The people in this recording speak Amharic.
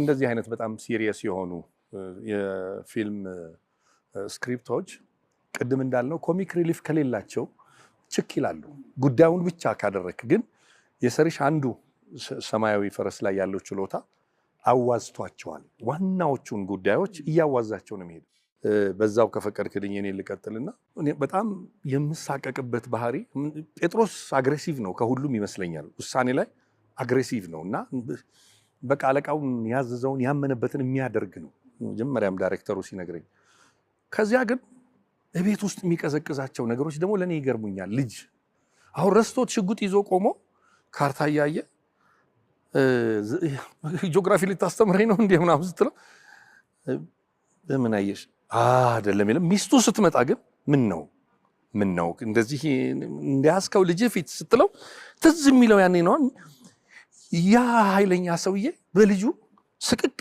እንደዚህ አይነት በጣም ሲሪየስ የሆኑ የፊልም ስክሪፕቶች ቅድም እንዳልነው ኮሚክ ሪሊፍ ከሌላቸው ችክ ይላሉ። ጉዳዩን ብቻ ካደረክ ግን የሰርሽ አንዱ ሰማያዊ ፈረስ ላይ ያለው ችሎታ አዋዝቷቸዋል። ዋናዎቹን ጉዳዮች እያዋዛቸው ነው የሚሄዱ። በዛው ከፈቀድክልኝ እኔ ልቀጥልና በጣም የምሳቀቅበት ባህሪ ጴጥሮስ አግሬሲቭ ነው ከሁሉም ይመስለኛል። ውሳኔ ላይ አግሬሲቭ ነው እና በቃ አለቃውን ያዘዘውን ያመነበትን የሚያደርግ ነው። መጀመሪያም ዳይሬክተሩ ሲነግረኝ፣ ከዚያ ግን እቤት ውስጥ የሚቀዘቅዛቸው ነገሮች ደግሞ ለእኔ ይገርሙኛል። ልጅ አሁን ረስቶት ሽጉጥ ይዞ ቆሞ ካርታ እያየ ጂኦግራፊ ልታስተምረኝ ነው እንዲ ምናምን ስትለው በምን አየሽ የለም። ሚስቱ ስትመጣ ግን ምን ነው ምን ነው እንደዚህ እንዲያስከው ልጅ ፊት ስትለው ትዝ የሚለው ያኔ ነው ያ ኃይለኛ ሰውዬ በልጁ ስቅቅ